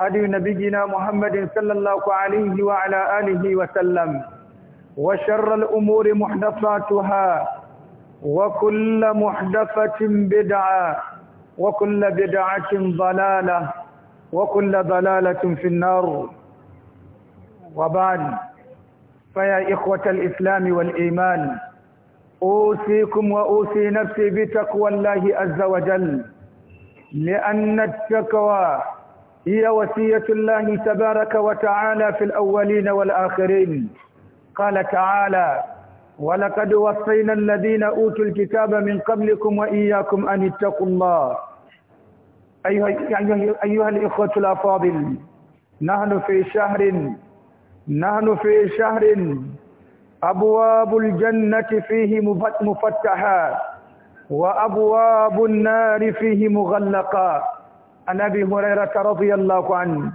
هدي نبينا محمد صلى الله عليه وعلى آله وسلم وشر الأمور محدثاتها وكل محدثة بدعة وكل بدعة ضلالة وكل ضلالة في النار وبعد فيا إخوة الإسلام والإيمان أوصيكم وأوصي نفسي بتقوى الله عز وجل لأن التقوى هي وصية الله تبارك وتعالى في الأولين والآخرين قال تعالى ولقد وصينا الذين أوتوا الكتاب من قبلكم وإياكم أن اتقوا الله أيها, أيها, أيها الإخوة الأفاضل نحن في شهر نحن في شهر أبواب الجنة فيه مفتحة وأبواب النار فيه مغلقة عن أبي هريرة رضي الله عنه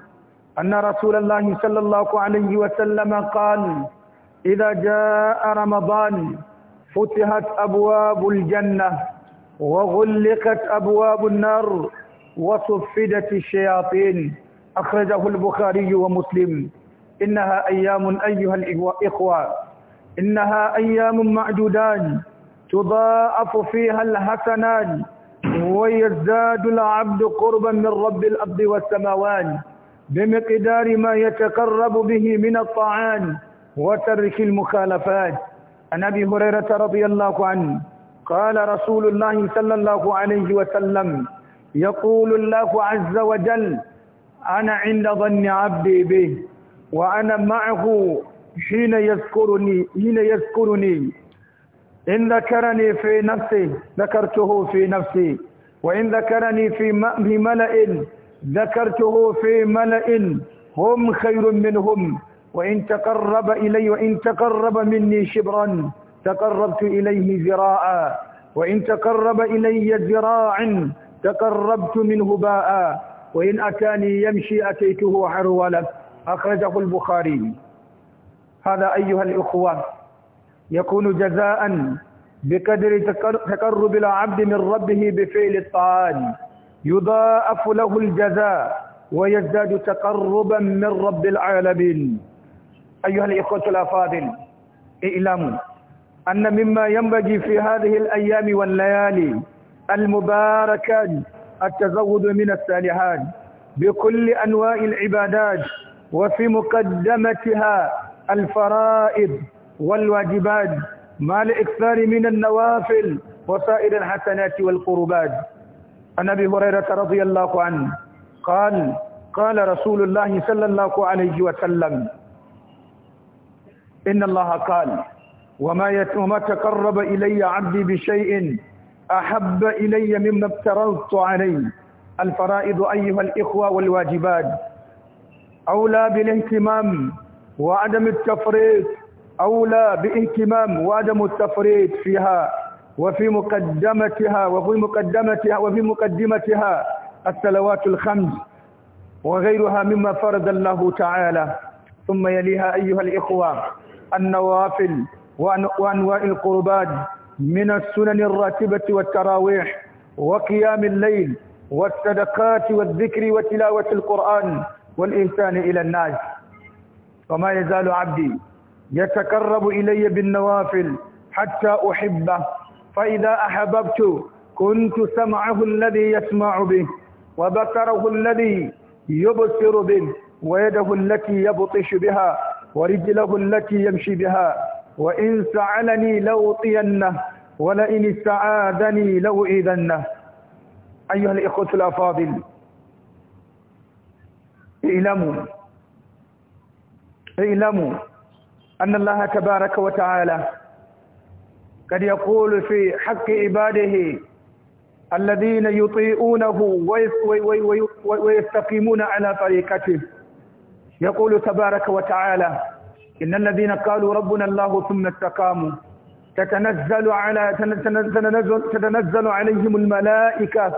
أن رسول الله صلى الله عليه وسلم قال إذا جاء رمضان فتحت أبواب الجنة وغلقت أبواب النار وصفدت الشياطين أخرجه البخاري ومسلم إنها أيام أيها الإخوة إنها أيام معدودان تضاعف فيها الحسنات ويزداد العبد قربا من رب الأرض والسماوات بمقدار ما يتقرب به من الطعام وترك المخالفات عن أبي هريرة رضي الله عنه قال رسول الله صلى الله عليه وسلم يقول الله عز وجل أنا عند ظن عبدي به وأنا معه حين يذكرني حين يذكرني إن ذكرني في نفسي ذكرته في نفسي وإن ذكرني في ملأ ذكرته في ملأ هم خير منهم وإن تقرب إلي وإن تقرب مني شبرا تقربت إليه ذراعا وإن تقرب إلي ذراعا تقربت منه باء وإن أتاني يمشي أتيته حرولا أخرجه البخاري هذا أيها الإخوة يكون جزاء بقدر تقرب العبد من ربه بفعل الطاعات يضاعف له الجزاء ويزداد تقربا من رب العالمين أيها الإخوة الأفاضل اعلموا أن مما ينبغي في هذه الأيام والليالي المباركات التزود من الصالحات بكل أنواع العبادات وفي مقدمتها الفرائض والواجبات مع الإكثار من النوافل وسائر الحسنات والقربات عن أبي هريرة رضي الله عنه قال قال رسول الله صلى الله عليه وسلم إن الله قال وما يتم تقرب إلي عبدي بشيء أحب إلي مما افترضت عليه الفرائض أيها الإخوة والواجبات أولى بالاهتمام وعدم التفريط أولى باهتمام وعدم التفريط فيها وفي مقدمتها وفي مقدمتها وفي مقدمتها الصلوات الخمس وغيرها مما فرض الله تعالى ثم يليها أيها الإخوة النوافل وأنواع القربات من السنن الراتبة والتراويح وقيام الليل والصدقات والذكر وتلاوة القرآن والإنسان إلى الناس وما يزال عبدي يتقرب إلي بالنوافل حتى أحبه فإذا أحببت كنت سمعه الذي يسمع به وبصره الذي يبصر به ويده التي يبطش بها ورجله التي يمشي بها وإن سعلني لأوطينه ولئن استعاذني إذنه أيها الإخوة الأفاضل اعلموا اعلموا أن الله تبارك وتعالى قد يقول في حق عباده الذين يطيئونه ويستقيمون على طريقته يقول تبارك وتعالى إن الذين قالوا ربنا الله ثم استقاموا تتنزل على تتنزل, تتنزل عليهم الملائكة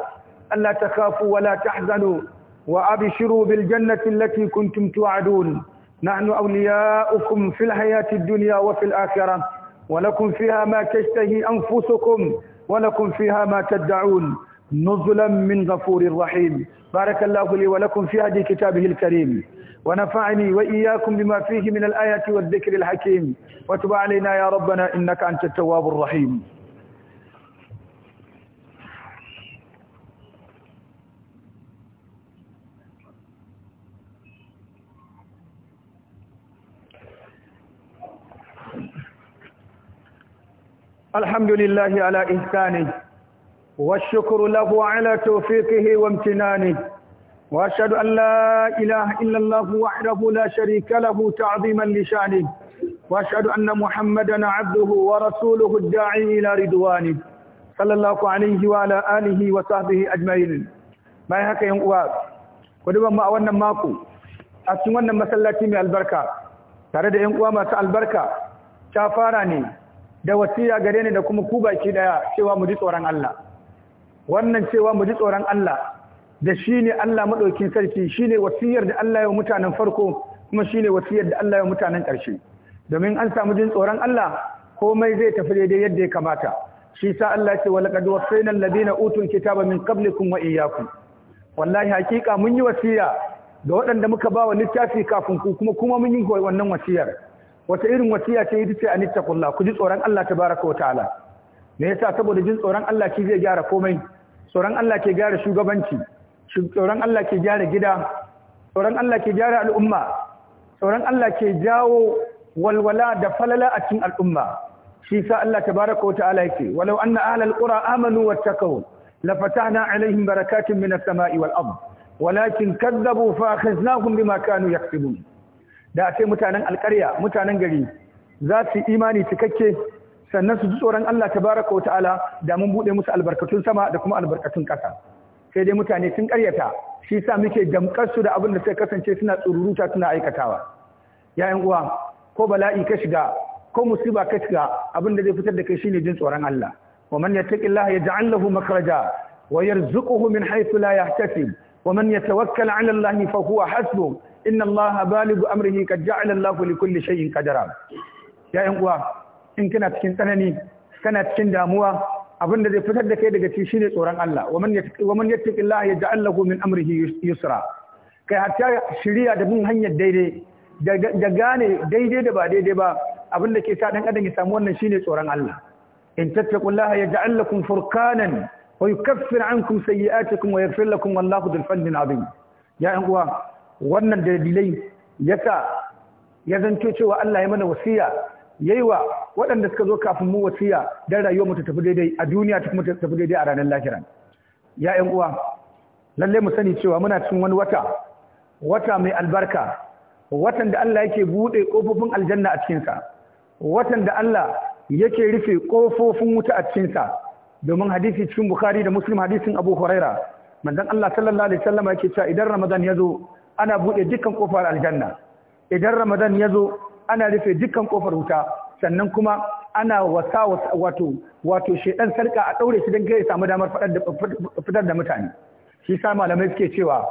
ألا تخافوا ولا تحزنوا وأبشروا بالجنة التي كنتم توعدون نحن أولياؤكم في الحياة الدنيا وفي الآخرة ولكم فيها ما تشتهي أنفسكم ولكم فيها ما تدعون نزلا من غفور رحيم بارك الله لي ولكم في هدي كتابه الكريم ونفعني وإياكم بما فيه من الآيات والذكر الحكيم وتب علينا يا ربنا إنك أنت التواب الرحيم الحمد لله على إحسانه والشكر له على توفيقه وامتنانه وأشهد أن لا إله إلا الله وحده لا شريك له تعظيما لشانه وأشهد أن محمدا عبده ورسوله الداعي إلى رضوانه صلى الله عليه وعلى آله وصحبه أجمعين ما يحكي هكا ينقوى ودوا ما أولنا ماكو أسوانا مسلاتي من البركة ترى da ƴan البركة masu da wasiya gare ni da kuma ku baki daya cewa mu ji tsoron Allah wannan cewa mu ji tsoron Allah da shine Allah madaukin sarki shine wasiyar da Allah ya mutanen farko kuma shine wasiyar da Allah ya mutanen ƙarshe domin an samu jin tsoron Allah komai zai tafi daidai yadda ya kamata shi sa Allah ce walaqad wasayna alladhina utul kitaba min qablikum wa iyyakum wallahi hakika mun yi wasiya ga waɗanda muka ba wa littafi kafin ku kuma kuma mun yi wannan wasiyar wata irin wasiya ce ita ce an ittaqullah ku ji tsoron Allah ta baraka wa ta'ala me yasa saboda jin tsoron Allah ki zai gyara komai tsoron Allah ke gyara shugabanci tsoron Allah ke gyara gida tsoron Allah ke gyara al'umma tsoron Allah ke jawo walwala da falala a cikin al'umma shi sa Allah tabaraka wa ta'ala yake walau anna ahlal qura amanu wattaqu lafatahna alaihim barakatun minas sama'i wal ard walakin kadzabu fa akhadnahum bima kanu yaktubun da a ce mutanen alkarya mutanen gari za su imani cikakke sannan su ji tsoron Allah tabaraka wa ta'ala da mun buɗe musu albarkatun sama da kuma albarkatun ƙasa sai dai mutane sun ƙaryata shi sa muke damƙar su da abin da suka kasance suna tsururuta suna aikatawa yayan uwa ko bala'i ka shiga ko musiba ka shiga abin da zai fitar da kai shine jin tsoron Allah wa man yattaqillaha yaj'al lahu makhraja wa yarzuquhu min haythu la yahtasib wa man yatawakkal 'ala Allah fa huwa hasbuh inna Allah baligu amrihi kad ja'ala Allah li kulli shay'in qadara ya yan uwa in kana cikin tsanani kana cikin damuwa abinda zai fitar da kai daga ciki shine tsoron Allah wa man yattaqi wa man yattaqi Allah yaj'al lahu min amrihi yusra kai hatta shiriya da bin hanyar daidai da gane daidai da ba daidai ba abinda ke sa dan adam ya samu wannan shine tsoron Allah in tattaqullaha yaj'al lakum furqanan wa yukaffir ankum sayyi'atikum wa yaghfir lakum wallahu dhul fadlin azim ya yan uwa wannan dalilai yasa ya zanto cewa Allah ya mana wasiya wa waɗanda suka zo kafin mu wasiya dan rayuwar mu ta tafi daidai a duniya ta kuma ta tafi daidai a ranar lahira ya uwa lalle mu sani cewa muna cikin wani wata wata mai albarka watan da Allah yake bude kofofin aljanna a cikinsa, watan da Allah yake rufe ƙofofin wuta a cikin domin hadisi cikin Bukhari da Muslim hadisin Abu Huraira manzon Allah sallallahu alaihi wasallam yake cewa idan Ramadan ya zo ana buɗe dukkan ƙofar aljanna idan ramadan ya zo ana rufe dukkan ƙofar wuta sannan kuma ana wasa wato wato shedan sarka a ɗaure shi don kai samu damar fitar da mutane shi sa malamai suke cewa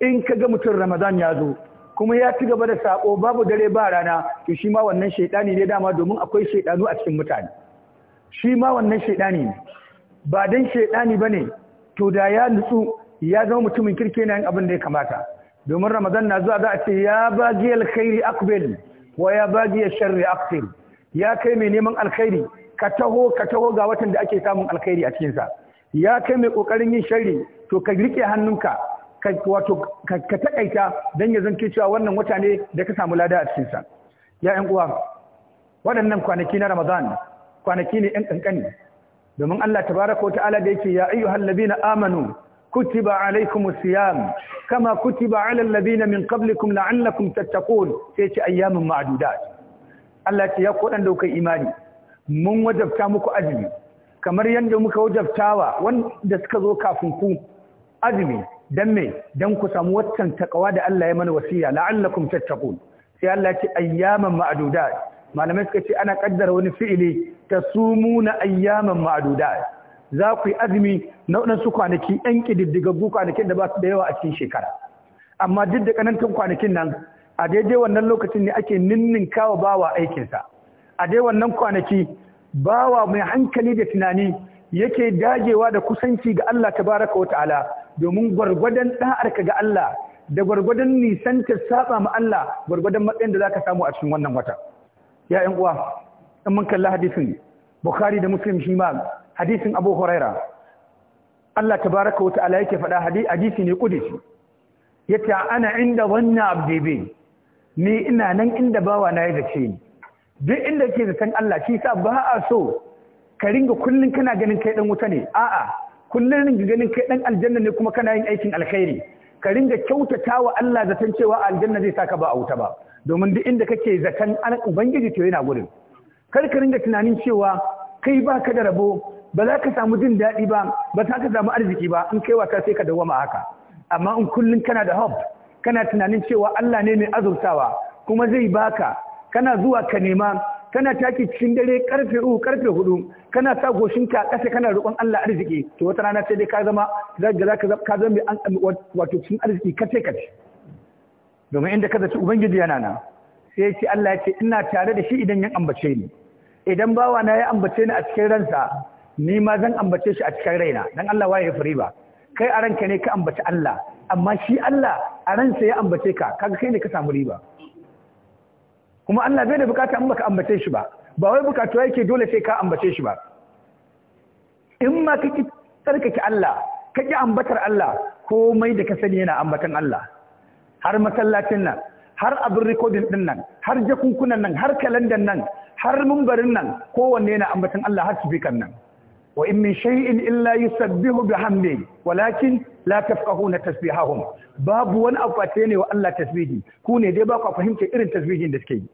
in ka ga mutum ramadan ya zo kuma ya ci gaba da sako babu dare ba rana to shi ma wannan shedani ne dama domin akwai shaidanu a cikin mutane shi ma wannan shedani ne ba dan shedani bane to da ya nutsu ya zama mutumin kirke na yin abin da ya kamata domin ramadan na zuwa za a ce ya bagi alkhairi akbil wa ya bagi sharri akbil ya kai mai neman alkhairi ka taho ka taho ga watan da ake samun alkhairi a cikinsa ya kai mai kokarin yin sharri to ka rike hannunka ka wato ka takaita dan ya zanke cewa wannan wata ne da ka samu lada a cikinsa ya uwa waɗannan kwanaki na ramadan kwanaki ne ƴan kankani domin Allah tabaraka wa ta'ala da yake ya ayyuhal ladina amanu كتب عليكم الصيام كما كتب على الذين من قبلكم لعلكم تتقون سيتي أيام معدودات الله يقول أن دوك imani. من وجبتا مكو azumi. kamar yadda muka wajabtawa wanda suka zo kafin ku azumi dan me dan ku samu waccan takawa da Allah ya mana wasiya la'allakum tattaqun sai Allah ya ce ayyaman ma'dudat malamai suka ce ana kaddara wani fi'ili tasumuna ayyaman ma'dudat za ku yi azumi na waɗansu kwanaki ‘yan ƙididdigaggu kwanakin da ba su da yawa a cikin shekara. Amma duk da ƙanantar kwanakin nan, a daidai wannan lokacin ne ake ninninka wa bawa aikinsa. A dai wannan kwanaki, bawa mai hankali da tunani yake dagewa da kusanci ga Allah Ta baraka wa ta'ala domin gwargwadon ɗa'arka ga Allah da gwargwadon nisanta saba ma Allah gwargwadon matsayin da zaka samu a cikin wannan wata. Ya ‘yan uwa, in mun kalla hadisin Bukhari da Muslim shi ma hadisin Abu Huraira Allah ta baraka wa ala yake faɗa hadisi ne kudusi yace ana inda wannan abdibi ni ina nan inda bawa na ya zace ni duk inda ke zaton Allah shi sa ba a so ka ringa kullun kana ganin kai dan wuta ne a'a kullun ringa ganin kai dan aljanna ne kuma kana yin aikin alkhairi ka ringa kyautata wa Allah zaton cewa aljanna zai saka ba a wuta ba domin duk inda kake zaton ubangiji to yana gurin kar ka ringa tunanin cewa kai baka da rabo ba za ka samu jin daɗi ba ba za ka samu arziki ba in kai wata sai ka dawama haka amma in kullum kana da hope kana tunanin cewa Allah ne mai azurtawa kuma zai baka kana zuwa ka nema kana taki cikin dare karfe uku karfe hudu kana sa goshinka ƙasa kana roƙon Allah arziki to wata rana sai dai ka zama zaka ka zama wato cikin arziki kace kace domin inda ka zaci ubangiji yana na sai ce Allah ya ce ina tare da shi idan ya ambace ni idan bawa na ya ambace ni a cikin ransa ni ma zan ambace shi a cikin raina dan Allah waye fure ba kai a ranka ne ka ambaci Allah amma shi Allah a ransa ya ambace ka kaga kai ne ka samu riba kuma Allah bai da bukata in baka ambace shi ba ba wai bukatu yake dole sai ka ambace shi ba in ma kake tsarkake Allah ka kake ambatar Allah komai da ka sani yana ambatan Allah har masallacin nan har abin rikodin din nan har jakunkunan nan har kalandan nan har mumbarin nan kowanne yana ambatan Allah har su nan wa in min shay'in illa yusabbihu bihamdihi walakin la tafqahuna tasbihahum babu wani abu ne wa Allah tasbihi ku ne dai ba ku fahimta irin tasbihin da suke yi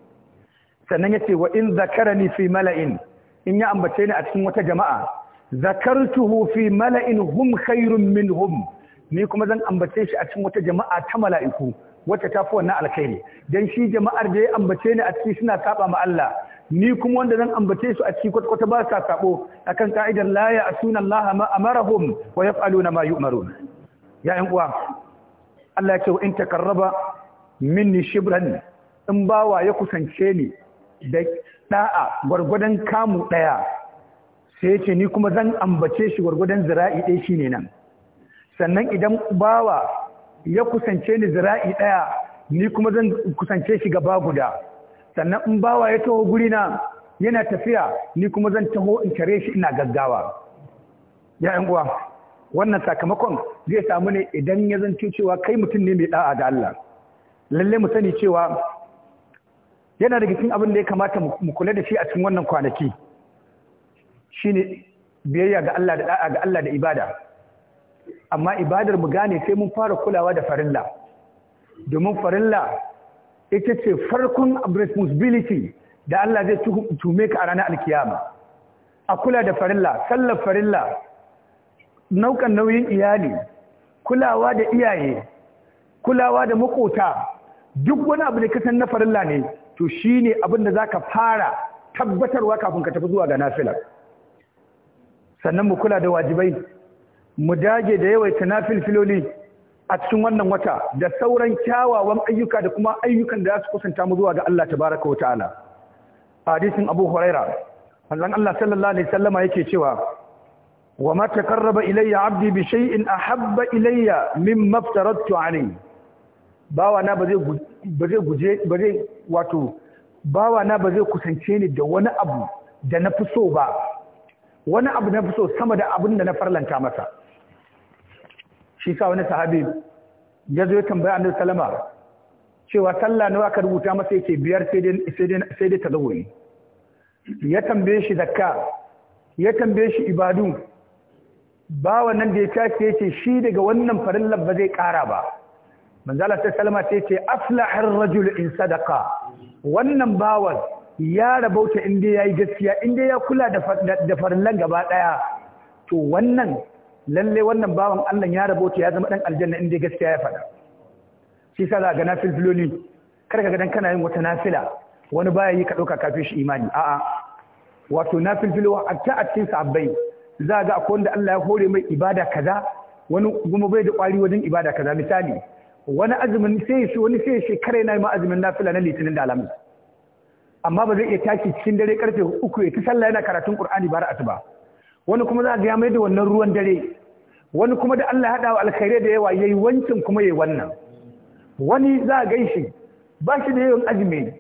sannan yace wa in zakarani fi mala'in in ya ambace ni a cikin wata jama'a zakartuhu fi mala'in hum khairun minhum ni kuma zan ambace shi a cikin wata jama'a ta mala'iku wacce ta fi wannan alkhairi dan shi jama'ar da ya ambace ni a cikin suna saba ma Allah ni kuma wanda zan ambace su a cikin kwatkwata ba sa sabo akan ka'idar la ya asuna Allah ma amarahum wa yaf'aluna ma yu'marun ya yan uwa Allah ya ce in takarraba minni shibran in bawa ya kusance ni da da'a gurgudan kamu daya sai ce ni kuma zan ambace shi gurgudan zira'i ɗaya shine nan sannan idan bawa ya kusance ni zira'i daya ni kuma zan kusance shi gaba guda sannan in bawa ya taho guri na, yana tafiya ni kuma zan taho in kare shi ina gaggawa ya uwa wannan sakamakon zai samu ne idan ya zanto cewa kai mutum ne mai da'a ga Allah lalle mu sani cewa yana daga cikin abin da ya kamata mu kula da shi a cikin wannan kwanaki shine biyayya ga Allah da da'a ga Allah da ibada amma ibadar mu gane sai mun fara kulawa da farilla domin farilla ita ce farkon responsibility da Allah zai tume ka a ranar alkiyama a kula da farilla sallar farilla naukan nauyin iyali kulawa da iyaye kulawa da makota duk wani abu da ka na farilla ne to shi ne abin da za ka fara tabbatarwa kafin ka tafi zuwa ga nafilar sannan mu kula da wajibai mu dage da yawaita filoli a cikin wannan wata da sauran kyawawan ayyuka da kuma ayyukan da za su kusanta mu zuwa ga Allah tabaraka wa ta'ala hadisin Abu Huraira manzon Allah sallallahu alaihi wasallama yake cewa wa ma takarraba ilayya 'abdi bi shay'in ahabba ilayya mimma aftaradtu alayhi bawa na ba zai ba zai guje ba zai wato bawa na ba zai kusance ni da wani abu da na fi so ba wani abu na fi so sama da abin da na farlanta masa shi sa wani sahabi ya zo ya tambaya annabi cewa sallah nawa ka rubuta masa yake biyar sai dai sai dai tazawuri ya tambaye shi zakka ya tambaye shi ibadu ba wannan da ya tashi yace shi daga wannan farillan ba zai kara ba manzala sai salama sai ce har rajul in sadaka wannan bawan ya rabauta inda ya yi gaskiya inda ya kula da farillan gaba daya to wannan lalle wannan bawan Allah ya rabo ta ya zama dan aljanna inda gaskiya ya faɗa shi sa ga nafil kar ka ga dan kana yin wata nafila wani baya yi ka dauka kafin shi imani a'a wato nafil filo hatta a cikin sabbai za ga akwai wanda Allah ya hore mai ibada kaza wani kuma bai da kwari wajen ibada kaza misali wani azumin sai shi wani sai shi kare na yi azumin nafila na litinin da alamin amma ba zai iya taki cikin dare karfe uku ya ta sallah yana karatun qur'ani ba asuba ba wani kuma za a ya mai da wannan ruwan dare wani kuma da Allah ya haɗa wa alkhairai da yawa yayi wancin kuma yayi wannan wani za a gaishe ba shi da yawan azumi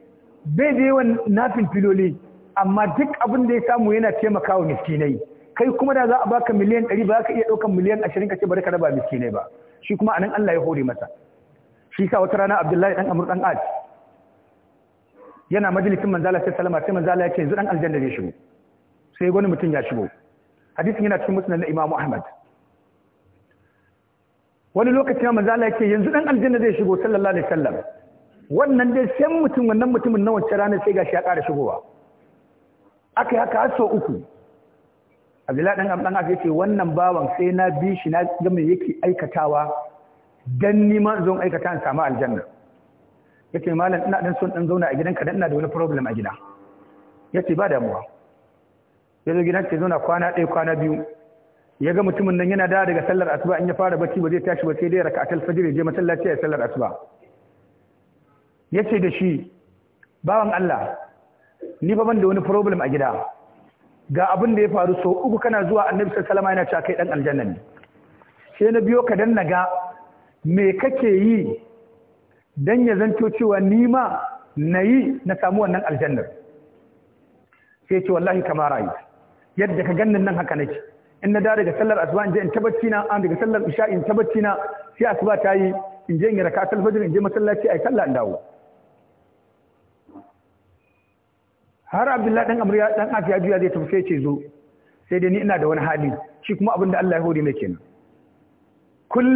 bai da yawan nafin filoli amma duk abin da ya samu yana taimakawa miskinai kai kuma da za a baka miliyan ɗari ba ka iya ɗaukan miliyan ashirin ka ce bari ka raba miskinai ba shi kuma anan Allah ya hore masa shi sa wata rana Abdullahi dan Amr dan Ad yana majalisin manzala sai salama sai manzala ya ce yanzu dan aljanna zai shigo sai wani mutum ya shigo hadisin yana cikin musnad na Imam Ahmad wani lokaci manzo Allah yake yanzu dan aljanna zai shigo sallallahu alaihi wasallam wannan dai sai mutum wannan mutumin na wancan rana sai gashi ya ƙara shigowa aka haka har sau uku Abdullahi dan amdan aka yace wannan bawan sai na bi shi na ga me yake aikatawa dan ni ma zan aikata in samu aljanna yace malam ina dan son dan zauna a gidanka dan ina da wani problem a gida yace ba damuwa ya zo gidan ta zauna kwana ɗaya kwana biyu ya ga mutumin nan yana dawo daga sallar asuba in ya fara bacci ba zai tashi ba sai dai raka atal fajiri je masallaci ya sallar asuba yace da shi bawan Allah ni fa ban da wani problem a gida ga abin da ya faru so uku kana zuwa annabi sallallahu alaihi wasallam yana cewa kai dan aljanna ne sai na biyo ka danna ga me kake yi dan ya zanto cewa ni ma nayi na samu wannan aljannar sai ce wallahi kamar ra'ayi yadda ka gannin nan haka nake in na dawo daga sallar asuba in je in tabbaci na an daga sallar isha in tabbaci na sai asuba ta yi in je in yi rakatul fajr in je masallaci ai sallah in dawo har abdullahi dan amriya dan afiya juya zai tafi sai ce zo sai dai ni ina da wani hali shi kuma abin da Allah ya hore mai kenan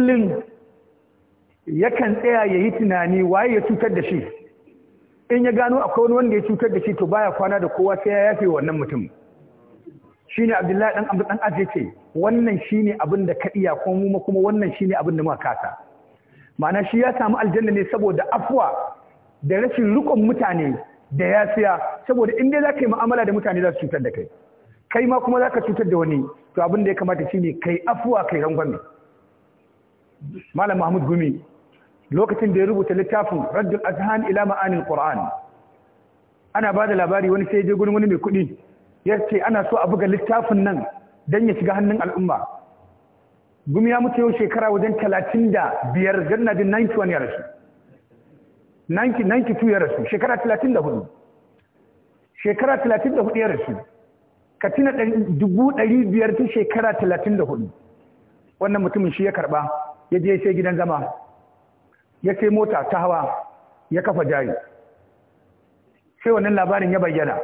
ya yakan tsaya ya yi tunani waye ya cutar da shi in ya gano akwai wani wanda ya cutar da shi to baya kwana da kowa sai ya yafe wannan mutum ne Abdullahi dan abu dan Aje ce wannan shi ne abin da ka iya ko kuma wannan shi ne abin da muka kasa ma'ana shi ya samu aljanna ne saboda afwa da rashin rukun mutane da ya siya saboda in dai zaka yi mu'amala da mutane za su cutar da kai kai ma kuma zaka cutar da wani to abin da ya kamata shi ne, kai afwa kai rangwame Malam Mahmud Gumi lokacin da ya rubuta littafin Raddul Azhan ila ma'anil Qur'an ana ba da labari wani sai ya je gurin wani mai kuɗi ya ce ana so a buga littafin nan don ya shiga hannun al'umma gumi ya mutu yau shekara wajen talatin da biyar janna jin 91 ya rasu 92 ya rasu shekara talatin da hudu shekara talatin da hudu ya rasu katina dubu ɗari biyar tun shekara talatin da hudu wannan mutumin shi ya karɓa ya je sai gidan zama ya sai mota ta hawa ya kafa jari sai wannan labarin ya bayyana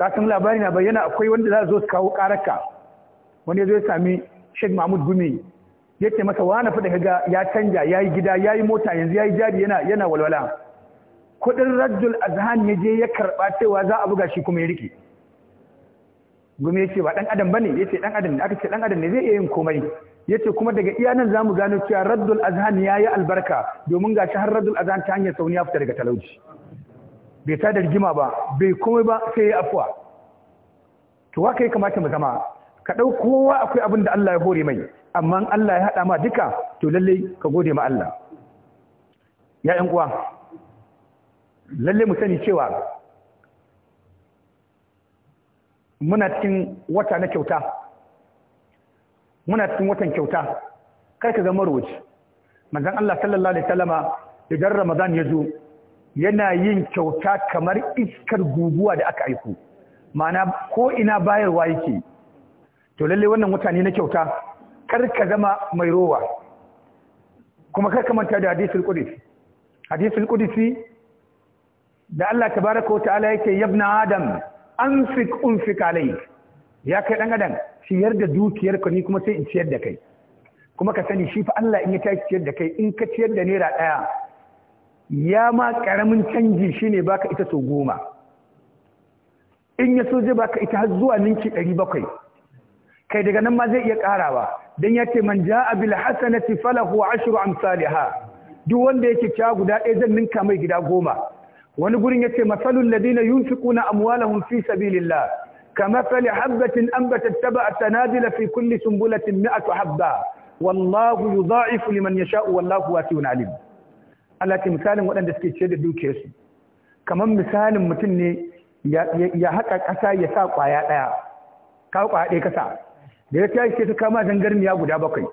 Ka san labari na bayyana akwai wanda za zo su kawo karaka ya zo ya sami Sheikh Mahmud Gumi ya ce masa na fa daga ya canja yayi gida yayi mota yanzu yayi jari yana yana walwala kudin Rajul Azhan ya je ya karba cewa za a buga shi kuma ya rike Gumi ya ce ba dan adam bane ya ce dan adam ne aka ce dan adam ne zai iya yin komai ya ce kuma daga iya nan zamu gano cewa Rajul Azhan yi albarka domin gashi har Rajul Azhan ta hanyar sauni ya fita daga talauci bai ta da rigima ba bai komai ba sai ya afuwa to wa ya kamata mu zama ka ɗau kowa akwai abin da Allah ya hore mai amma Allah ya haɗa ma duka to lallai ka gode ma Allah ya 'yan uwa lallai mu sani cewa muna cikin wata na kyauta muna cikin watan kyauta kai ka zama roji manzon Allah sallallahu alaihi wasallama idan Ramadan ya zo yana yin kyauta kamar iskar guguwa da aka aiko ma'ana ko ina bayarwa yake to lalle wannan mutane na kyauta kar ka zama mai rowa kuma kar ka manta da hadisul qudsi hadisul qudsi da Allah tabaraka wa ta'ala yake yabna adam anfik unfik alayhi ya kai dan adam ciyar da dukiyarka ni kuma sai in ciyar da kai kuma ka sani shi fa Allah in ya ta ciyar da kai in ka ciyar da naira daya ya ma karamin canji shine baka ita so goma in ya so zai baka ita har zuwa ninki 700 kai daga nan ma zai iya karawa dan ya ce man ja'a bil hasanati falahu ashru amsalha duk wanda yake kya guda ɗaya zan ninka mai gida goma wani gurin yace masalul ladina yunfiquna amwalahum fi sabilillah kamathali habatin anbatat sab'a tanadila fi kulli sumbulatin 100 habba wallahu yudha'ifu liman yasha'u wallahu wasi'un alim Allah ce misalin waɗanda suke ciyar da dukiyarsu kamar misalin mutum ne ya haƙa ƙasa ya sa ƙwaya ɗaya ka ƙwaya ɗaya ƙasa. da ya tashi ce ta kama zangarniya guda bakwai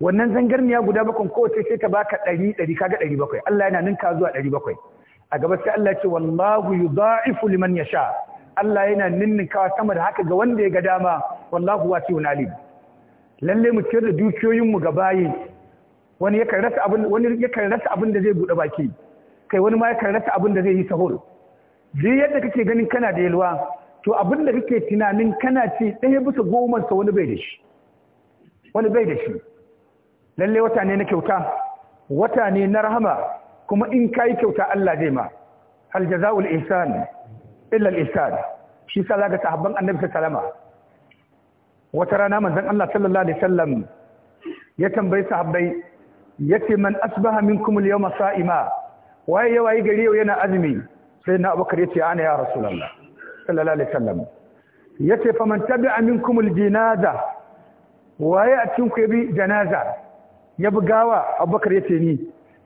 wannan zangarniya guda bakwai kowace ce ta baka ɗari ɗari kaga ɗari bakwai Allah yana ninka zuwa ɗari bakwai a gaba sai Allah ce wallahu yudha'ifu liman sha. Allah yana ninninkawa sama da haka ga wanda ya ga dama wallahu wasi'un alim lalle mu ciyar da dukiyoyinmu ga bayi wani yakan rasa abin wani yakan rasa abin da zai bude baki kai wani ma yakan rasa abin da zai yi sahur duk yadda kake ganin kana da yalwa to abin da kake tunanin kana ci ɗaya bisa goma sa wani bai da shi wani bai da shi lalle wata ne na kyauta wata ne na rahama kuma in kai kyauta Allah zai ma hal jazaul ihsan illa al ihsan shi sa sahabban annabi sallama wata rana manzon Allah sallallahu alaihi wasallam ya tambayi sahabbai yace man asbaha minkum al-yawma sa'ima waye yawa yi gari yau yana azumi sai na abubakar yace ana ya rasulullah sallallahu alaihi wasallam yace fa man tabi'a minkum al-janaza waye a cikin ku janaza ya bugawa abubakar yace ni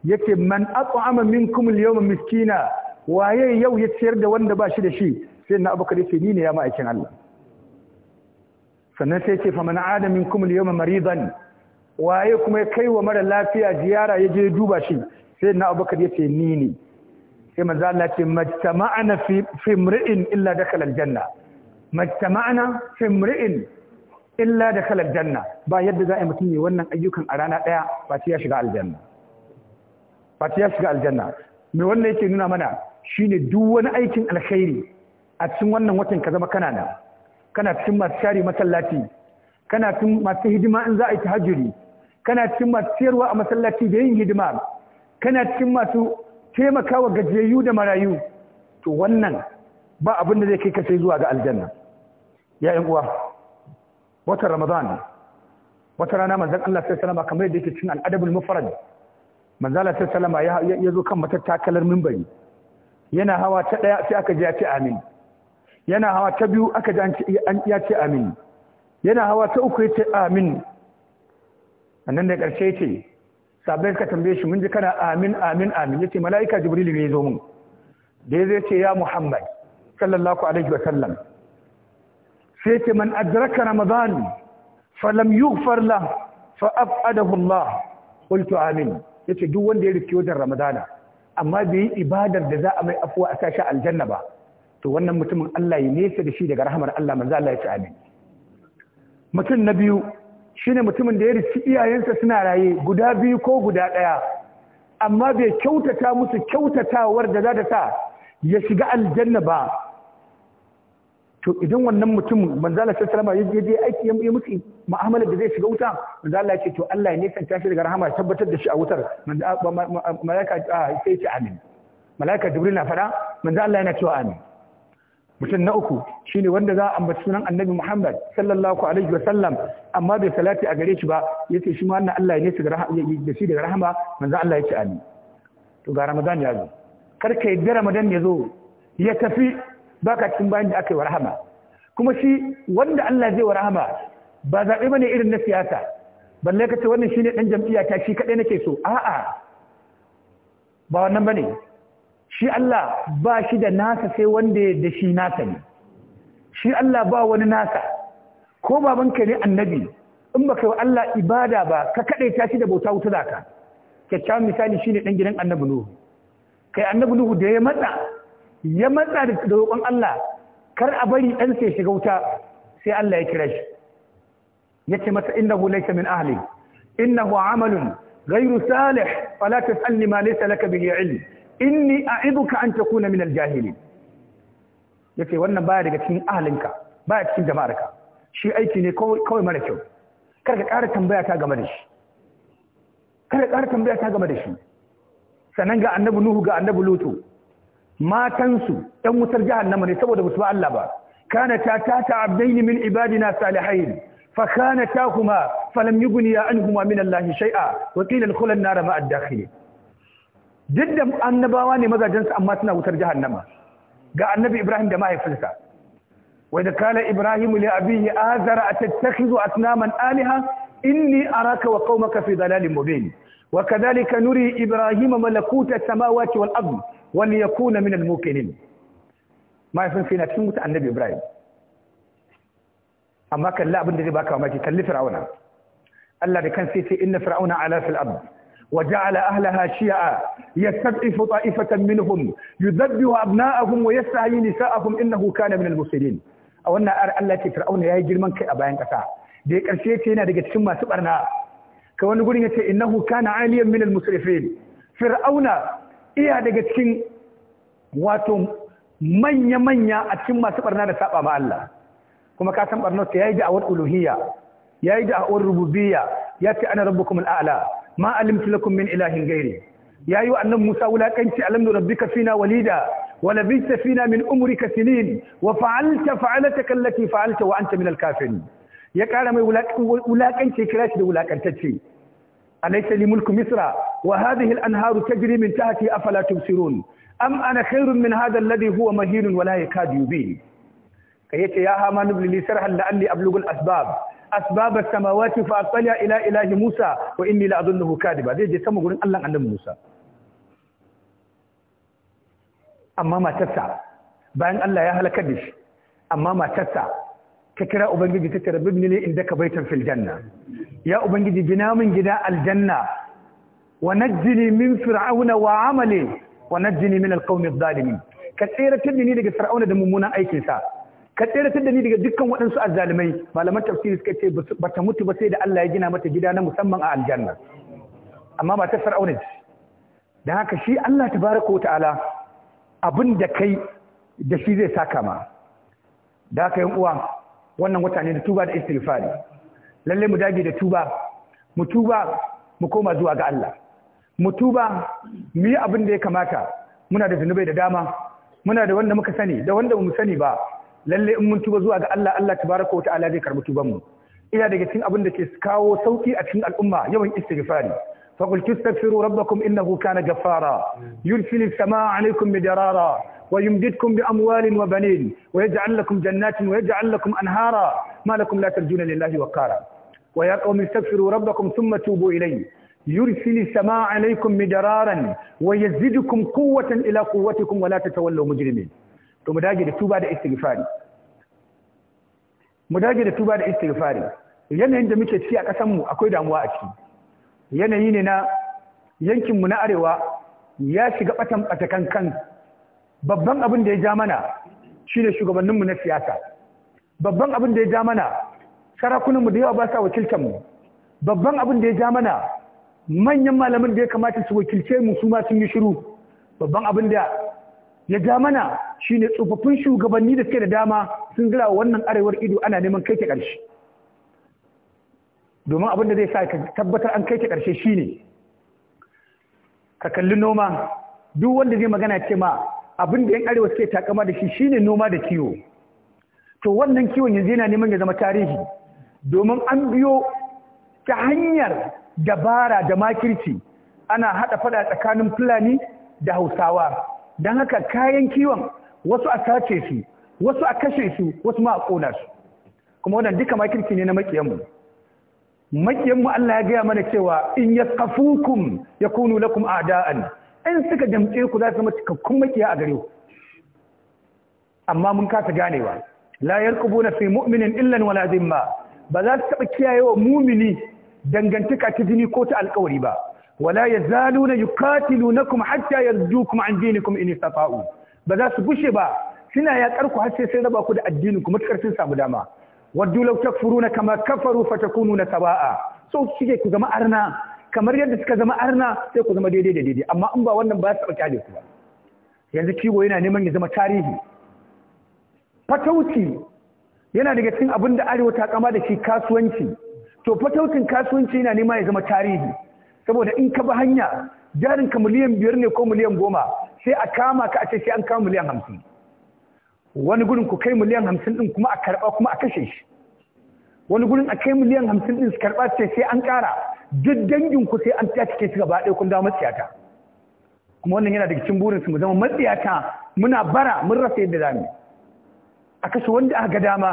yace man at'ama minkum al-yawma miskina waye yau ya ciyar da wanda ba shi da shi sai na abubakar yace ni ne ya ma'aikin Allah sannan sai yace fa man aada minkum al-yawma maridan waye kuma ya kai wa mara lafiya ziyara ya je duba shi sai na abubakar ya ce ni ne sai manzo Allah ce majtama'ana fi fi mri'in illa dakhala aljanna majtama'ana fi mri'in illa dakhala aljanna ba yadda za a yi mutum wannan ayyukan a rana daya ba sai ya shiga aljanna ba sai ya shiga aljanna me wannan yake nuna mana shine duk wani aikin alkhairi a cikin wannan watan ka zama kana na kana cikin masu share masallaci kana cikin masu hidima in za a yi tahajjuri kana cikin masu ciyarwa a masallaci da yin hidima kana cikin masu taimakawa gajiyayyu da marayu to wannan ba abin da zai kai kace zuwa ga aljanna ya yan uwa wata ramadan wata rana manzon Allah sai salama kamar yadda yake cikin al'adabul mufrad manzon Allah sai salama ya zo kan matattakalar minbari yana hawa ta daya sai aka ji ya ce amin yana hawa ta biyu aka ji an ya ce amin yana hawa ta uku ya ce amin annan da ƙarshe ce sabai ka tambaye shi mun ji kana amin amin amin yace mala'ika jibril ne ya zo mun da zai ce ya muhammad sallallahu alaihi wa sallam sai ce man adraka ramadan falam yughfar la fa afadahu allah qultu amin yace duk wanda ya riski wajen ramadana amma bai yi ibadar da za a mai afuwa a sashi aljanna ba to wannan mutumin Allah ya nesa da shi daga rahamar Allah manzo Allah ya ce amin mutum na biyu shine mutumin da ya rici iyayensa suna raye guda biyu ko guda ɗaya amma bai kyautata musu kyautatawar da za ta sa ya shiga aljanna ba to idan wannan mutum manzala sai salama ya je aiki ya mutu mu'amala da zai shiga wuta manzala Allah ya ce to Allah ya ta shi daga rahama ya tabbatar da shi a wutar malaka ah, sai ya ce amin malaka jibril na fara manzala Allah yana cewa amin mutum na uku shi ne wanda za a ambaci sunan annabi Muhammad sallallahu alaihi wa sallam amma bai salati a gare shi ba Ya ce shi ma wannan Allah ne shi da shi daga rahama manzan Allah ya ce amin to ga Ramadan ya zo karka yadda Ramadan ya zo ya tafi baka cikin bayan da aka yi wa rahama kuma shi wanda Allah zai wa rahama ba zaɓe ne irin na siyasa balle ka ce wannan shine ɗan jam'iyya ta shi kaɗai nake so a'a ba wannan ba ne. shi Allah ba shi da nasa sai wanda da shi nasa ne shi Allah ba wani nasa ko babanka ne annabi in baka yi Allah ibada ba ka kadaita shi da bauta wuta zaka kyakkyawan misali shi ne dan gidan annabi Nuhu kai annabi Nuhu da ya matsa ya matsa da roƙon Allah kar a bari dan sai shiga wuta sai Allah ya kira shi yace masa innahu laysa min ahli innahu amalun Gairu salih fala tasalni ma laysa laka bihi inni a'iduka an takuna minal jahilin ce wannan baya daga cikin ahalinka baya cikin jama'arka shi aiki ne kawai mara kyau kar ka ƙara tambaya ta game da shi kar ka ƙara tambaya ta game da shi sannan ga annabi nuhu ga annabi lutu matansu ɗan wutar jahannama ne saboda musu Allah ba kana ta ta ta abdaini min ibadina salihain fa kana ta kuma falam ya anhuma min Allah shay'a wa qila al-khulan nar maad dakhilin duk da annabawa ne mazajensu amma suna wutar jahannama ga annabi Ibrahim da mahaifinsa wai da kala Ibrahim li abihi azara atattakhidhu asnaman alaha inni araka wa qaumaka fi dalalin mubin wa kadhalika nuri Ibrahim malakuta as-samawati wal ard wa liyakuna min al-mukminin mahaifinsa yana cikin wuta annabi Ibrahim amma kalla abin da zai baka mamaki kalli fir'auna Allah da kansa yace inna fir'auna ala fil ard وجعل أهلها شيعا a طائفة منهم يذبح أبناءهم ويستحيي نساءهم إنه كان من المفسدين a wannan ayar Allah ce Fir'auna ya yayi girman kai a bayan kasa da ya karshe ce yana daga cikin masu barna ka wani gurin yace innahu kana aliyan min al-musrifin Fir'auna iya daga cikin wato manya manya a cikin masu ɓarna da saba ma Allah kuma ka san barnar ta yayi da'awar uluhiyya yayi da'awar rububiyya ce ana rabbukum al-a'la ما علمت لكم من إله غيري يا أيها النبي موسى ولكنت ألم ربك فينا وليدا ولبثت فينا من عمرك سنين وفعلت فعلتك التي فعلت وأنت من الكافرين يا كارم ولكنت كراش ولكنت تشي أليس لي ملك مصر وهذه الأنهار تجري من تحتي أفلا تبصرون أم أنا خير من هذا الذي هو مهين ولا يكاد يبين كي يا هامان بن لي سرح لأني أبلغ الأسباب asbab as-samawati fa aqala ila ilahi Musa wa inni la adunnuhu kadiba zai je sama gurin Allah annabi Musa amma matarsa bayan Allah ya halakar da shi amma matarsa ka kira ubangiji ta tarbi ne inda ka baitan fil janna ya ubangiji gina min gida aljanna wa najjini min fir'auna wa amali wa najjini min alqawmi adh-dhalimin ka tsira tuni daga fir'auna da mummunan aikinsa ka tsere da ni daga dukkan waɗansu azzalumai malaman tafsiri suka ce ba ta mutu ba sai da Allah ya gina mata gida na musamman a aljanna amma ba ta da ce haka shi Allah ta ko ta'ala abin da kai da shi zai saka ma da haka yan uwa wannan wata ne da tuba da istighfari lalle mu dage da tuba mu tuba mu koma zuwa ga Allah mu tuba mu yi abin da ya kamata muna da zunubai da dama muna da wanda muka sani da wanda ba mu sani ba lalle in mun tuba zuwa ga Allah Allah tabaraka wa ta'ala zai karbi tuban mu ina daga cikin abin da ke kawo sauki a cikin al'umma yawan istighfari فقل تستغفروا ربكم إنه كان جفارا يرسل السماء عليكم مدرارا ويمددكم بأموال وبنين ويجعل لكم جنات ويجعل لكم أنهارا ما لكم لا ترجون لله وقارا ويا قوم استغفروا ربكم ثم توبوا إليه يرسل السماء عليكم مدرارا ويزدكم قوة إلى قوتكم ولا تتولوا مجرمين to mu dage da tuba da istighfari mu dage da tuba da istighfari yanayin da muke ciki a ƙasar mu akwai damuwa a ciki yanayi ne na yankin mu na arewa ya shiga batan batakan kan babban abin da ya ja mana shine shugabannin mu na siyasa babban abin da ya ja mana sarakunan mu da yawa ba sa wakiltar mu babban abin da ya ja mana manyan malamin da ya kamata su wakilce mu su ma sun yi shiru babban abin da ya ja mana shine tsofaffin shugabanni da suke da dama sun gira wannan arewar ido ana neman kai ta ƙarshe domin abin da zai sa ka tabbatar an kai ta ƙarshe shine ka kalli noma duk wanda zai magana ce ma abin da yan arewa suke takama da shi shine noma da kiwo to wannan kiwon yanzu yana neman ya zama tarihi domin an biyo ta hanyar dabara da makirci ana haɗa fada tsakanin fulani da hausawa don haka kayan kiwon wasu a sace su wasu a kashe su wasu ma a ƙona su kuma wannan duka makirci ne na makiyanmu makiyanmu Allah ya gaya mana cewa in yaskafukum yakunu lakum a'da'an in suka jamce ku za su zama cikakkun makiya a gare ku amma mun kasa ganewa la yarqubuna fi mu'minin illan wala dimma ba za su taɓa wa mumini dangantaka ta jini ko ta alƙawari ba wala yazaluna yuqatilunakum hatta yarjukum an dinikum in istata'u ba za su bushe ba suna yaƙar ku har sai sun raba ku da addinin ku matukar sun samu dama waddu law takfuruna kama kafaru fatakununa sawa'a so kike ku zama arna kamar yadda suka zama arna sai ku zama daidai da daidai amma in ba wannan ba su kyale ku ba yanzu kiwo yana neman ya zama tarihi fatauci yana daga cikin abin da arewa ta kama da shi kasuwanci to fataucin kasuwanci yana nema ya zama tarihi saboda in ka bi hanya jarinka miliyan biyar ne ko miliyan goma sai a kama ka a ce sai an kama miliyan hamsin wani gudun ku kai miliyan hamsin din kuma a karɓa kuma a kashe shi wani gudun a kai miliyan hamsin din su karɓa ce sai an ƙara duk dangin ku sai an cike shi gaba ɗaya kun dawo matsiyata kuma wannan yana daga cikin burin su mu zama matsiyata muna bara mun rasa yadda zamu a kashe wanda aka ga dama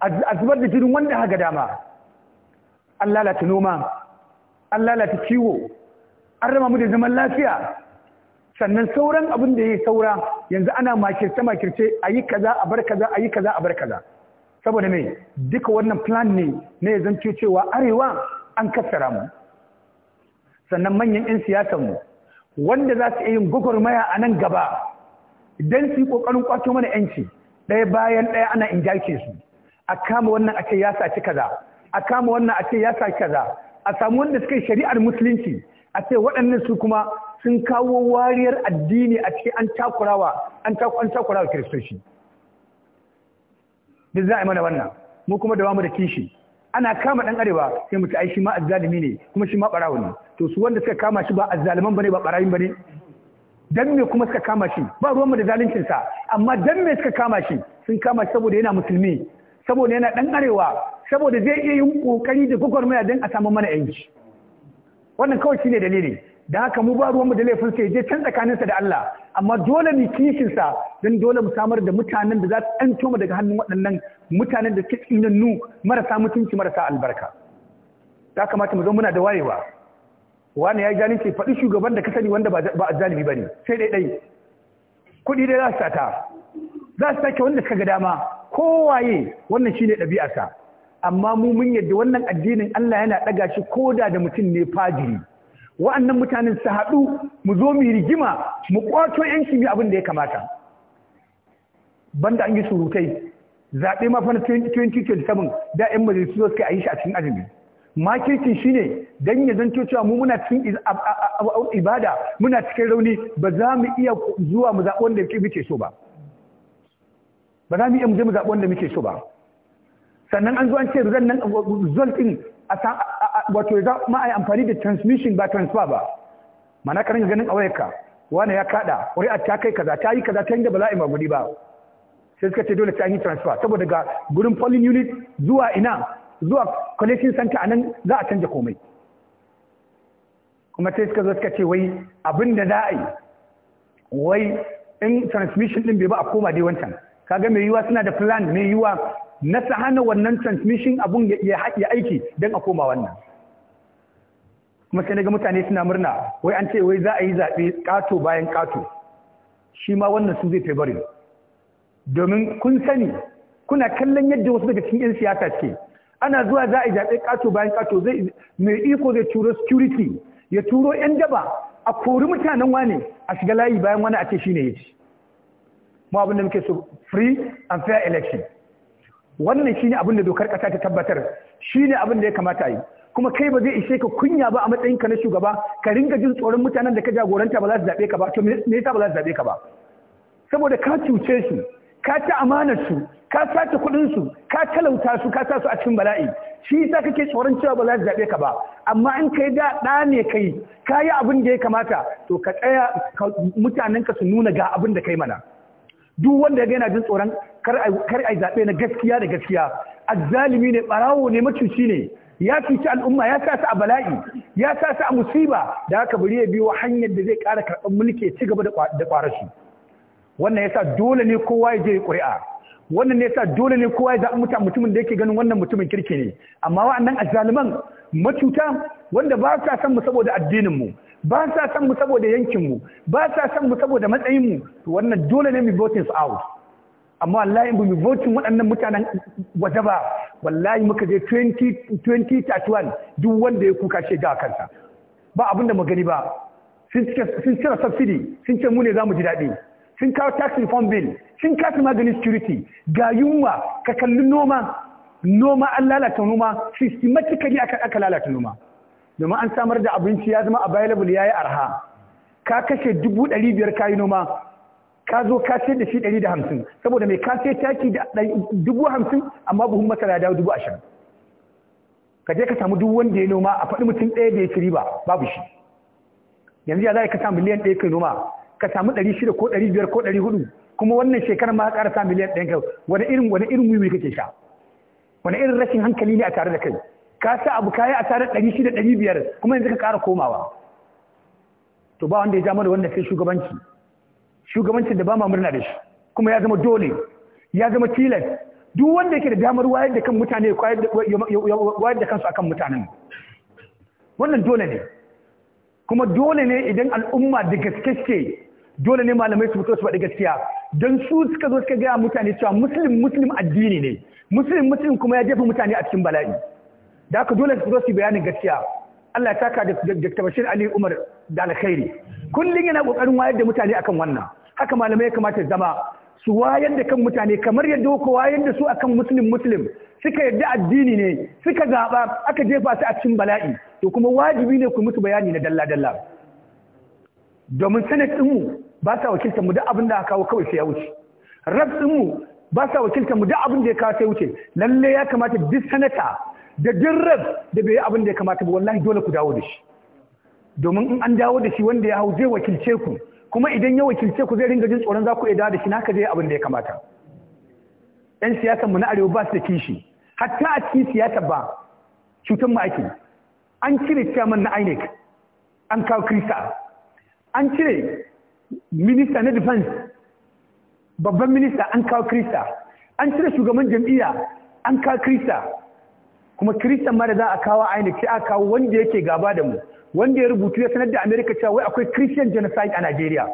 a zubar da jinin wanda aka ga dama an lalata noma an lalata ciwo an rama mu da zaman lafiya sannan sauran abin da ya yi saura yanzu ana makirce makirce a yi kaza a bar kaza a yi kaza a bar kaza saboda mai duka wannan plan ne na yanzu ce cewa arewa an kassara mu sannan manyan 'yan siyasan mu wanda za su yin gwagwarmaya a nan gaba idan su yi ƙoƙarin kwato mana 'yanci ɗaya bayan ɗaya ana injake su a kama wannan a ce ya saci kaza a kama wannan a ce ya saci kaza a samu wanda suka yi shari'ar musulunci a ce waɗannan su kuma sun kawo wariyar addini a cikin an takurawa an takurawa kiristoci duk za a yi mana wannan mu kuma da mu da kishi ana kama ɗan arewa sai mutu ai shi ma azzalimi ne kuma shi ma ɓarawo ne to su wanda suka kama shi ba azzaliman bane ba ba bane dan me kuma suka kama shi ba ruwanmu da zaluncin sa amma dan me suka kama shi sun kama shi saboda yana musulmi saboda yana ɗan arewa saboda zai iya yin kokari da gwagwarmaya don a samu mana yanci wannan kawai shine dalili da haka mu ba ruwanmu da laifin sai je can tsakaninsa da Allah amma dole mu kishinsa don dole mu samar da mutanen da za su ɗanto mu daga hannun waɗannan mutanen da suke tsinannu marasa mutunci marasa albarka Ta kamata mu zo muna da wayewa wani ya ce faɗi shugaban da ka sani wanda ba a zalibi ba ne sai dai dai kuɗi dai za su sata za su sake wanda suka ga dama kowaye wannan shine ɗabi'arsa amma mu mun yadda wannan addinin Allah yana ɗaga shi ko da da mutum ne fajiri wa'annan mutanen su haɗu mu zo mu rigima mu ƙwato yanki mu abin da ya kamata banda an yi surutai zaɓe ma fa na 2027 da ƴan majalisu zo suka yi shi a cikin azumi makircin shi ne don ya zanto cewa mu muna cikin ibada muna cikin rauni ba za mu iya zuwa mu zaɓi wanda mu iya wanda muke so ba sannan an zo an ce zan nan ɗin din wato ya a ai amfani da transmission ba transfer ba mana karin ganin a wayarka wani ya kada a ta kai kaza ta yi kaza ta inda da bala'i a ba sai suka ce dole ta yi transfer saboda ga gurin polling unit zuwa ina zuwa collection center a nan za a canja komai kuma sai suka zo suka ce wai abin da za a yi wai in transmission din bai ba a koma dai wancan kaga mai yiwa suna da plan mai yiwa na ta hana wannan transmission abun ya aiki don a koma wannan kuma sai daga mutane suna murna wai an ce wai za a yi zaɓe ƙato bayan ƙato shi ma wannan su zai febari domin kun sani kuna kallon yadda wasu daga cikin 'yan siyasa ce ana zuwa za a yi zaɓe ƙato bayan ƙato mai iko zai turo security ya turo 'yan daba a kori mutanen wane a shiga layi bayan wani a ce shi ne ya ci mu abin da muke so free and fair election wannan shine abin da dokar ƙasa ta tabbatar shine abin da ya kamata a yi kuma kai ba zai ishe ka kunya ba a matsayinka na shugaba ka ringa jin tsoron mutanen da ka jagoranta ba za su zaɓe ka ba to me yasa ba za su zaɓe ka ba saboda ka cuce su ka ci amanar su ka sace kuɗin su ka talauta su ka sa su a cikin bala'i shi yasa kake tsoron cewa ba za su zaɓe ka ba amma in kai da ɗa ne kai ka yi abin da ya kamata to ka tsaya mutanen ka su nuna ga abin da kai mana duk wanda ga yana jin tsoron kar a zaɓe na gaskiya da gaskiya azzalimi ne ɓarawo ne macuci ne ya cuci al'umma ya sa su a bala'i ya sa su a musiba da haka bari ya biyo hanyar da zai ƙara karɓar mulki ya ci gaba da ƙwararsu wannan ya sa dole ne kowa ya je ƙuri'a wannan ne sa dole ne kowa ya zaɓi mutumin da yake ganin wannan mutumin kirki ne amma wa'annan azzaliman matuta, wanda ba sa san mu saboda addinin mu ba sa san mu saboda yankin mu ba sa san mu saboda matsayin mu to wannan dole ne mu voting su out amma wallahi mu voting waɗannan mutanen waje ba wallahi muka je 2031 duk wanda ya kuka shi ga kansa ba abin da mu gani ba sun cire subsidy sun ce mu ne za mu ji daɗi sun kawo tax reform bill sun kasa maganin security ga yunwa ka kalli noma noma an lalata noma systematically aka aka lalata noma domin an samar da abinci ya zama available yayi arha ka kashe dubu ɗari biyar kayi noma ka zo ka sayar da shi ɗari da hamsin saboda mai ka sai taki da dubu hamsin amma buhun masara ya dawo dubu ashirin ka je ka samu duk wanda ya noma a faɗi mutum ɗaya da ya ci riba babu shi yanzu ya za ka samu miliyan ɗaya kai noma ka samu ɗari shida ko ɗari biyar ko ɗari hudu kuma wannan shekarar ma ka ƙara miliyan ɗaya kai wani irin wani irin wiwi kake sha wani irin rashin hankali ne a tare da kai ka sa abu kayi a tare ɗari shida ɗari biyar kuma yanzu ka ƙara komawa to ba wanda ya ja mana wannan sai shugabanci shugabancin da ba ma murna da shi kuma ya zama dole ya zama tilas duk wanda yake da damar wayar da kan mutane wayar da kansu akan mutanen wannan dole ne kuma dole ne idan al'umma da gaske ce dole ne malamai su fito su faɗi gaskiya don su suka zo suka gaya mutane cewa muslim muslim addini ne muslim muslim kuma ya jefa mutane a cikin bala'i da haka dole su zo su bayanin gaskiya Allah ya taka da Dr. Ali Umar da alkhairi kullum yana kokarin wayar da mutane akan wannan haka malamai ya kamata zama su wayar da kan mutane kamar yadda ko wayar da su akan muslim muslim suka yadda addini ne suka zaba aka jefa su a cikin bala'i to kuma wajibi ne ku mutu bayani na dalla dalla domin sanatinmu ba sa wakiltar mu duk abin da aka kawo kawai sai ya wuce rab din mu ba sa wakiltar mu duk abin da ya kawo sai wuce lalle ya kamata duk sanata da duk rab da bai yi abin da ya kamata ba wallahi dole ku dawo da shi domin in an dawo da shi wanda ya hau zai wakilce ku kuma idan ya wakilce ku zai ringa jin tsoron za ku iya dawo da shi na ka zai abin da ya kamata yan siyasar mu na arewa ba su da kishi hatta a cikin siyasa ba cutar mu ake an cire chairman na INEC an kawo krista an cire minista na defense babban minista an kawo krista an cire shugaban jam'iyya an kawo krista kuma krista ma da za a kawo aini sai a kawo wanda yake gaba da mu wanda ya rubutu ya sanar da america cewa wai akwai christian genocide a nigeria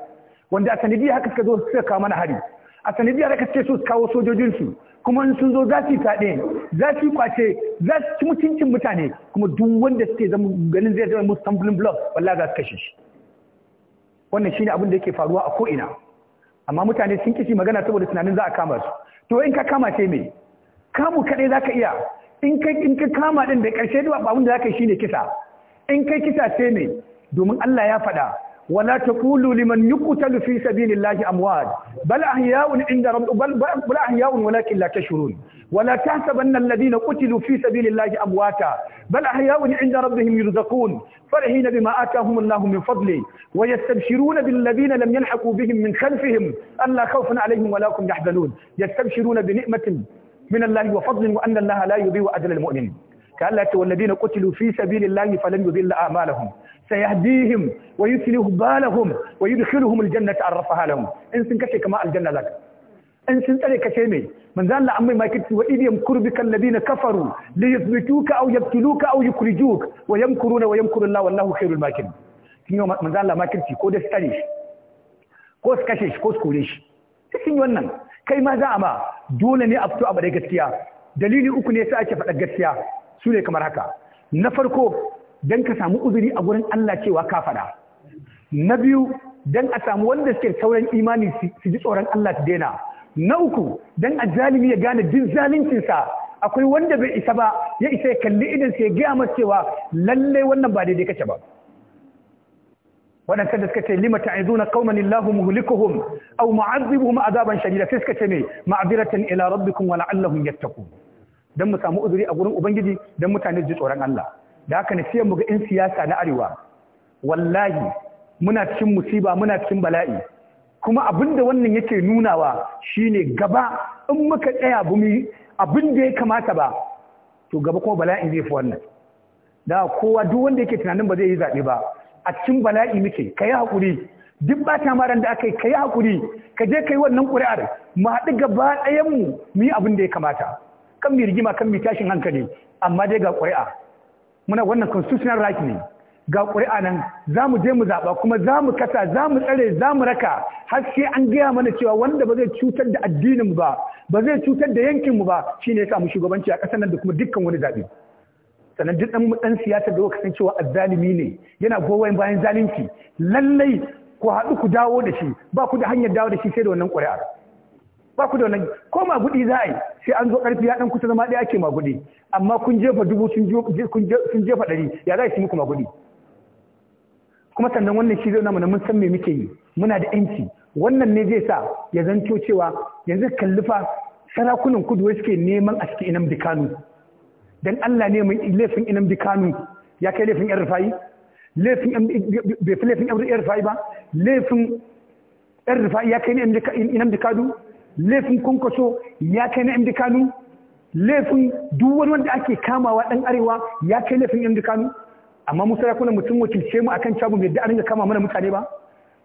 wanda a sanadiyar haka suka zo suka kawo mana hari a sanadiyar haka suke so su kawo sojojinsu kuma in sun zo za su yi fyaɗe za su yi kwace za su ci mutuncin mutane kuma duk wanda suke zama ganin zai zama musu stumbling block wallah za su kashe shi wannan shine abin da yake faruwa a ko'ina amma mutane sun kishi magana saboda tunanin za a kama su to in ka kama sai me kamu kaɗai za ka iya in ka kama ɗin da ƙarshe da abin da za ka yi shine kisa in kai kisa sai me domin Allah ya faɗa ولا تقولوا لمن يقتل في سبيل الله أموات بل أحياء عند رب بل, بل أحياء ولكن لا تشعرون ولا تحسبن الذين قتلوا في سبيل الله أمواتا بل أحياء عند ربهم يرزقون فرحين بما آتاهم الله من فضله ويستبشرون بالذين لم يلحقوا بهم من خلفهم ألا خوف عليهم ولا هم يحزنون يستبشرون بنعمة من الله وفضل وأن الله لا يضيع أجر المؤمن كأن لا والذين قتلوا في سبيل الله فلن يضل أعمالهم sayahdihim wa yuslihu balahum wa yudkhiluhum aljannata arrafaha lahum in sun kace kama aljanna zaka in sun tsare kace me manzo Allah an mai makiti wa idiyam kurbika alladhina kafaru li yuthbituka aw yaqtuluka aw yukhrijuk wa yamkuruna wa yamkuru Allah wallahu khairul makirin kin yi manzo Allah makirci ko da tsare shi ko su kashe ko su kore shi yi wannan kai ma za a ma dole ne a fito a bada gaskiya dalili uku ne ake faɗa gaskiya su ne kamar haka na farko don ka samu uzuri a gurin Allah cewa ka fada Na biyu, don a samu wanda suke sauran imani su ji tsoron Allah su daina. Na uku, don a zalimi ya gane duk zalincinsa akwai wanda bai isa ba ya isa ya kalli idan sai ya gaya masa cewa lallai wannan ba daidai kace ba. waɗanda da suka ce lima ta'izuna qauman Allahu muhlikuhum aw mu'azzibuhum azaban shadida sai suka ce ne ma'diratan ila rabbikum wa la'allahum yattaqun dan mu samu uzuri a gurin ubangiji dan mutane ji tsoron Allah da haka nasiya mu ga in siyasa na arewa wallahi muna cikin musiba muna cikin bala'i kuma abinda wannan yake nunawa shine gaba in muka tsaya bumi abinda ya kamata ba to gaba kuma bala'in zai fi wannan da kowa duk wanda yake tunanin ba zai yi zaɓe ba a cikin bala'i muke ka yi haƙuri duk ba ta maran da aka yi ka yi haƙuri ka je ka yi wannan ƙuri'ar mu haɗu gaba ɗayanmu mu yi abin da ya kamata kan mu rigima kan mi tashin hankali amma dai ga ƙuri'a muna wannan constitutional right ne ga ƙuri'a nan za mu je mu zaɓa kuma za mu kasa za mu tsare za mu raka har sai an gaya mana cewa wanda ba zai cutar da addininmu ba ba zai cutar da yankinmu ba shine ya mu shugabanci a ƙasar nan da kuma dukkan wani zaɓe sannan duk ɗan siyasa da kuka san cewa azzalimi ne yana gowayen bayan zalunci lallai ku haɗu ku dawo da shi ba ku da hanyar dawo da shi sai da wannan ƙuri'ar ba ku da wannan ko magudi za a yi sai an zo karfi ya dan kusa zama ɗaya ake magudi amma kun jefa dubu sun jefa ɗari ya za a yi muku magudi kuma sannan wannan shi zai na mun san me muke yi muna da yanci wannan ne zai sa ya zanto cewa yanzu kallifa sarakunan kudu wai suke neman a cikin inam kanu dan Allah ne mai laifin inam kanu ya kai laifin yan rufayi laifin bai fi laifin yan rufayi ba laifin yan rufayi ya kai inam kadu laifin kwankwaso ya kai na md laifin duk wani wanda ake kamawa dan arewa ya kai laifin md amma musa ya kuna mutum wakilce mu akan cabu mai da a ringa kama mana mutane ba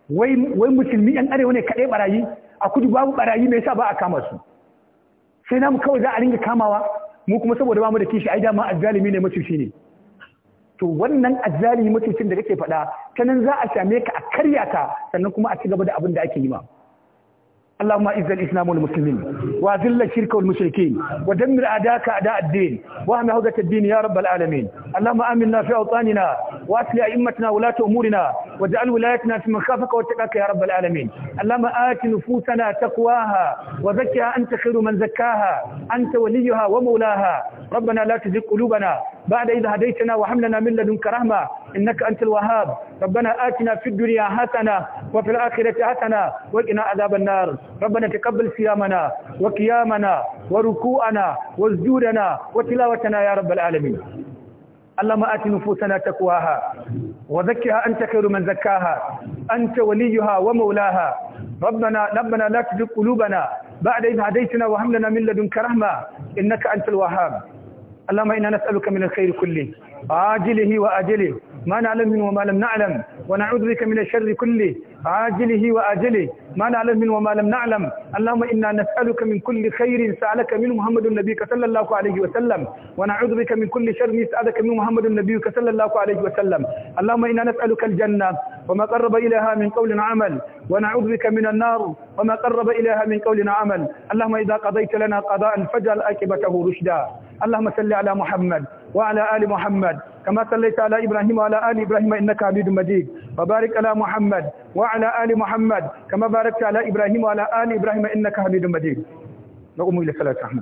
wai musulmi yan arewa ne kaɗai barayi a kudu babu barayi mai sa ba a kama su sai namu kawai za a ringa kamawa mu kuma saboda mu da kishi ai dama azzalimi ne mutunci ne to wannan azzalimi mutuncin da kake faɗa ta nan za a same ka a karya ka sannan kuma a ci gaba da abin da ake yi ma اللهم اعز الاسلام والمسلمين واذل الشرك والمشركين ودمر اعداءك اعداء الدين واهم هدى الدين يا رب العالمين اللهم امنا في اوطاننا واسل ائمتنا ولاة امورنا واجعل ولايتنا في مخافك خافك واتقاك يا رب العالمين اللهم ات نفوسنا تقواها وزكها انت خير من زكاها انت وليها ومولاها ربنا لا تزغ قلوبنا بعد إذا هديتنا وحملنا من لدنك رحمة إنك أنت الوهاب ربنا آتنا في الدنيا حسنة وفي الآخرة حسنة وقنا عذاب النار ربنا تقبل صيامنا وقيامنا وركوعنا وسجودنا وتلاوتنا يا رب العالمين اللهم آت نفوسنا تقواها وزكها أنت خير من زكاها أنت وليها ومولاها ربنا ربنا لا تزغ قلوبنا بعد إذ هديتنا وهم لنا من لدنك رحمة إنك أنت الوهاب اللهم إنا نسألك من الخير كله عاجله وآجله ما نعلم منه وما لم نعلم ونعوذ بك من الشر كله عاجله وآجله ما نعلم منه وما لم نعلم اللهم إنا نسألك من كل خير سألك منه محمد نبيك صلى الله عليه وسلم ونعوذ بك من كل شر سألك منه محمد نبيك صلى الله عليه وسلم اللهم إنا نسألك الجنة وما قرب إليها من قول عمل ونعوذ بك من النار وما قرب إليها من قول عمل اللهم إذا قضيت لنا قضاء فجل أكبته رشدا اللهم صل على محمد وعلى آل محمد كما صليت على إبراهيم وعلى آل إبراهيم إنك حميد مجيد وبارك على محمد وعلى آل محمد كما باركت على إبراهيم وعلى آل إبراهيم إنك حميد مجيد نقوم إلى صلاة